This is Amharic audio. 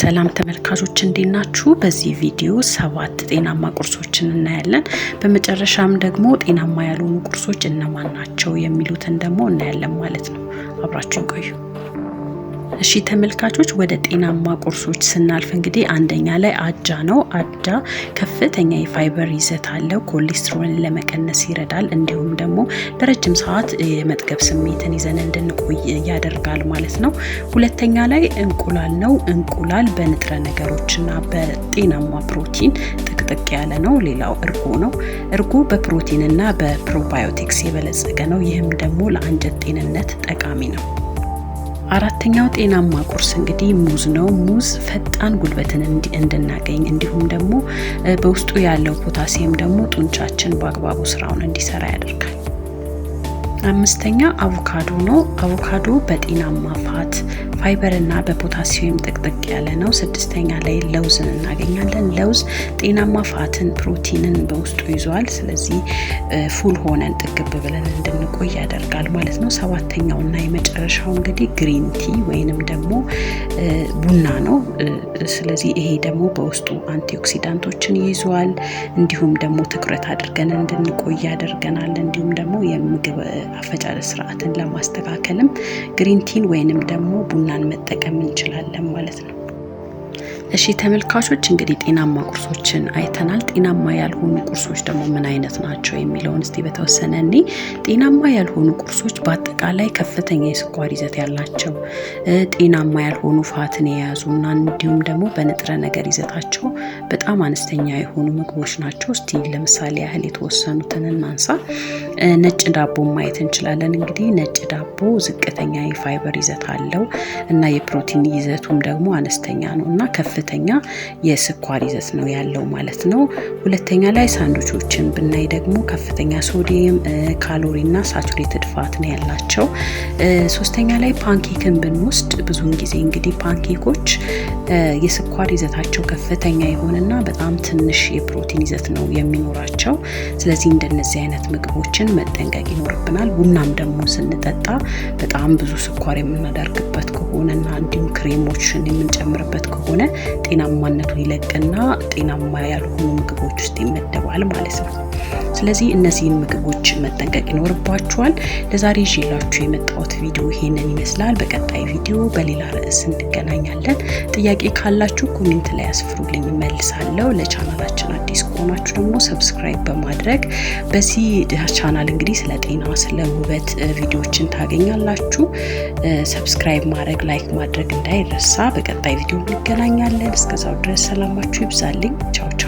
ሰላም ተመልካቾች እንዴት ናችሁ? በዚህ ቪዲዮ ሰባት ጤናማ ቁርሶችን እናያለን። በመጨረሻም ደግሞ ጤናማ ያልሆኑ ቁርሶች እነማን ናቸው የሚሉትን ደግሞ እናያለን ማለት ነው። አብራችሁ ቆዩ። እሺ ተመልካቾች ወደ ጤናማ ቁርሶች ስናልፍ እንግዲህ አንደኛ ላይ አጃ ነው። አጃ ከፍተኛ የፋይበር ይዘት አለው። ኮሌስትሮልን ለመቀነስ ይረዳል። እንዲሁም ደግሞ ለረጅም ሰዓት የመጥገብ ስሜትን ይዘን እንድንቆይ ያደርጋል ማለት ነው። ሁለተኛ ላይ እንቁላል ነው። እንቁላል በንጥረ ነገሮችና በጤናማ ፕሮቲን ጥቅጥቅ ያለ ነው። ሌላው እርጎ ነው። እርጎ በፕሮቲንና በፕሮባዮቲክስ የበለጸገ ነው። ይህም ደግሞ ለአንጀት ጤንነት ጠቃሚ ነው። አራተኛው ጤናማ ቁርስ እንግዲህ ሙዝ ነው። ሙዝ ፈጣን ጉልበትን እንድናገኝ እንዲሁም ደግሞ በውስጡ ያለው ፖታሲየም ደግሞ ጡንቻችን በአግባቡ ስራውን እንዲሰራ ያደርጋል። አምስተኛ አቮካዶ ነው። አቮካዶ በጤናማ ፋት፣ ፋይበር እና በፖታሲየም ጥቅጥቅ ያለ ነው። ስድስተኛ ላይ ለውዝን እናገኛለን። ለውዝ ጤናማ ፋትን፣ ፕሮቲንን በውስጡ ይዟል። ስለዚህ ፉል ሆነን ጥግብ ብለን እንድንቆይ ያደርጋል ማለት ነው። ሰባተኛው እና የመጨረሻው እንግዲህ ግሪን ቲ ወይንም ደግሞ ቡና ነው። ስለዚህ ይሄ ደግሞ በውስጡ አንቲኦክሲዳንቶችን ይዟል። እንዲሁም ደግሞ ትኩረት አድርገን እንድንቆይ ያደርገናል። እንዲሁም ደግሞ የምግብ አፈጫጭ ስርዓትን ለማስተካከልም ግሪንቲን ወይንም ደግሞ ቡናን መጠቀም እንችላለን ማለት ነው። እሺ ተመልካቾች እንግዲህ ጤናማ ቁርሶችን አይተናል። ጤናማ ያልሆኑ ቁርሶች ደግሞ ምን አይነት ናቸው የሚለውን እስቲ በተወሰነ እኔ ጤናማ ያልሆኑ ቁርሶች በአጠቃላይ ከፍተኛ የስኳር ይዘት ያላቸው ጤናማ ያልሆኑ ፋትን የያዙና እንዲሁም ደግሞ በንጥረ ነገር ይዘታቸው በጣም አነስተኛ የሆኑ ምግቦች ናቸው። እስቲ ለምሳሌ ያህል የተወሰኑትን እናንሳ። ነጭ ዳቦ ማየት እንችላለን። እንግዲህ ነጭ ዳቦ ዝቅተኛ የፋይበር ይዘት አለው እና የፕሮቲን ይዘቱም ደግሞ አነስተኛ ነው እና ከፍ ከፍተኛ የስኳር ይዘት ነው ያለው ማለት ነው። ሁለተኛ ላይ ሳንዱቾችን ብናይ ደግሞ ከፍተኛ ሶዲየም፣ ካሎሪና ሳቹሬትድ ፋት ነው ያላቸው። ሶስተኛ ላይ ፓንኬክን ብንወስድ ብዙውን ጊዜ እንግዲህ ፓንኬኮች የስኳር ይዘታቸው ከፍተኛ የሆነና በጣም ትንሽ የፕሮቲን ይዘት ነው የሚኖራቸው። ስለዚህ እንደነዚህ አይነት ምግቦችን መጠንቀቅ ይኖርብናል። ቡናም ደግሞ ስንጠጣ በጣም ብዙ ስኳር የምናደርግበት ከሆነና እንዲሁም ክሬሞችን የምንጨምርበት ከሆነ ጤናማነቱ ይለቅና ጤናማ ያልሆኑ ምግቦች ውስጥ ይመደባል ማለት ነው። ስለዚህ እነዚህን ምግቦች መጠንቀቅ ይኖርባቸዋል። ለዛሬ ይዤላችሁ የመጣሁት ቪዲዮ ይሄንን ይመስላል። በቀጣይ ቪዲዮ በሌላ ርዕስ እንገናኛለን። ጥያቄ ጥያቄ ካላችሁ ኮሜንት ላይ አስፍሩልኝ መልሳለሁ። ለቻናላችን አዲስ ከሆናችሁ ደግሞ ሰብስክራይብ በማድረግ በዚህ ቻናል እንግዲህ ስለ ጤና፣ ስለ ውበት ቪዲዮዎችን ታገኛላችሁ። ሰብስክራይብ ማድረግ ላይክ ማድረግ እንዳይረሳ። በቀጣይ ቪዲዮ እንገናኛለን። እስከዛው ድረስ ሰላማችሁ ይብዛልኝ። ቻው